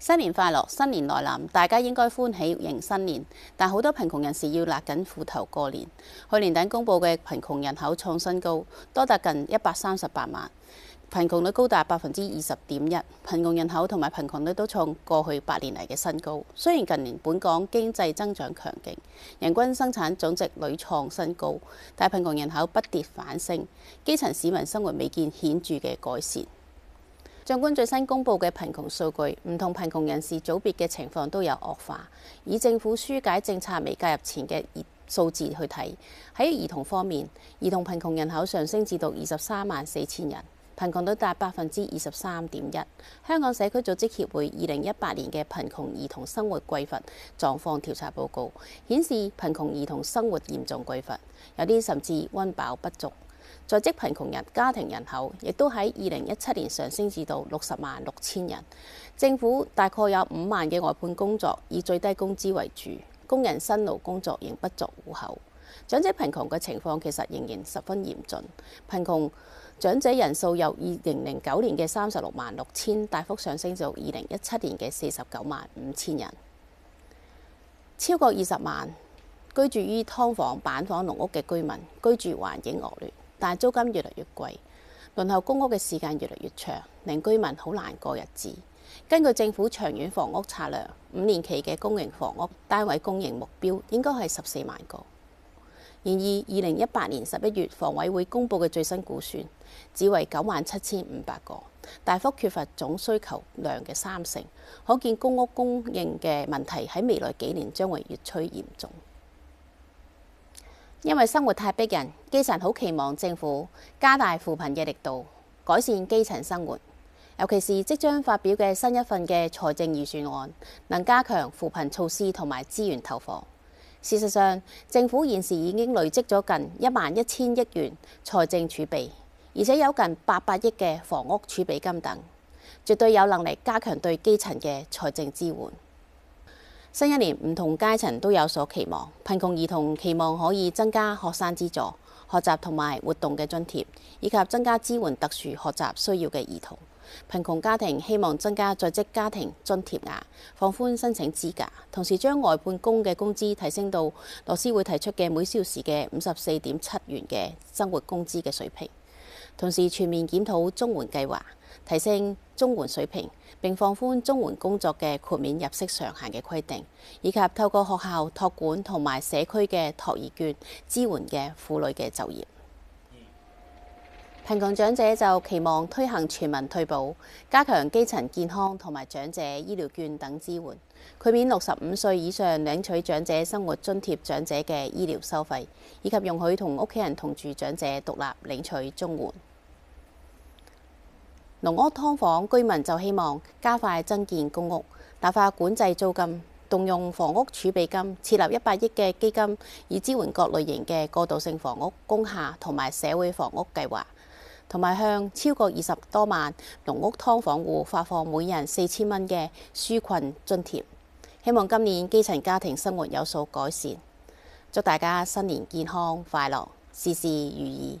新年快樂，新年來臨，大家應該歡喜迎新年。但好多貧窮人士要勒緊褲頭過年。去年底公佈嘅貧窮人口創新高，多達近一百三十八萬，貧窮率高達百分之二十點一，貧窮人口同埋貧窮率都創過去八年嚟嘅新高。雖然近年本港經濟增長強勁，人均生產總值屢創新高，但係貧窮人口不跌反升，基層市民生活未見顯著嘅改善。縱觀最新公布嘅貧窮數據，唔同貧窮人士組別嘅情況都有惡化。以政府疏解政策未介入前嘅數字去睇，喺兒童方面，兒童貧窮人口上升至到二十三萬四千人，貧窮率達百分之二十三點一。香港社區組織協會二零一八年嘅貧窮兒童生活匱乏狀況調查報告顯示，貧窮兒童生活嚴重匱乏，有啲甚至温飽不足。在職貧窮人家庭人口亦都喺二零一七年上升至到六十萬六千人。政府大概有五萬嘅外判工作，以最低工資為主，工人辛勞工作仍不足糊口。長者貧窮嘅情況其實仍然十分嚴峻，貧窮長者人數由二零零九年嘅三十六萬六千大幅上升到二零一七年嘅四十九萬五千人。超過二十萬居住於劏房、板房、農屋嘅居民，居住環境惡劣。但租金越嚟越貴，輪候公屋嘅時間越嚟越長，令居民好難過日子。根據政府長遠房屋策略，五年期嘅公營房屋單位供應目標應該係十四萬個。然而，二零一八年十一月房委會公布嘅最新估算，只為九萬七千五百個，大幅缺乏總需求量嘅三成。可見公屋供應嘅問題喺未來幾年將會越趨嚴重。因為生活太逼人，基層好期望政府加大扶貧嘅力度，改善基層生活。尤其是即將發表嘅新一份嘅財政預算案，能加強扶貧措施同埋資源投放。事實上，政府現時已經累積咗近一萬一千億元財政儲備，而且有近八百億嘅房屋儲備金等，絕對有能力加強對基層嘅財政支援。新一年唔同階層都有所期望，貧窮兒童期望可以增加學生資助、學習同埋活動嘅津貼，以及增加支援特殊學習需要嘅兒童。貧窮家庭希望增加在職家庭津貼額，放寬申請資格，同時將外判工嘅工資提升到樂施會提出嘅每小時嘅五十四點七元嘅生活工資嘅水平。同時全面檢討綜援計劃，提升綜援水平，並放寬綜援工作嘅豁免入息上限嘅規定，以及透過學校託管同埋社區嘅託兒券支援嘅婦女嘅就業。貧窮長者就期望推行全民退保，加強基層健康同埋長者醫療券等支援，豁免六十五歲以上領取長者生活津貼長者嘅醫療收費，以及容許同屋企人同住長者獨立領取綜援。農屋劏房居民就希望加快增建公屋，打發管制租金，動用房屋儲備金，設立一百億嘅基金，以支援各類型嘅過渡性房屋工廈同埋社會房屋計劃。同埋向超過二十多萬籠屋劏房戶發放每人四千蚊嘅紓困津貼，希望今年基層家庭生活有所改善。祝大家新年健康快樂，事事如意！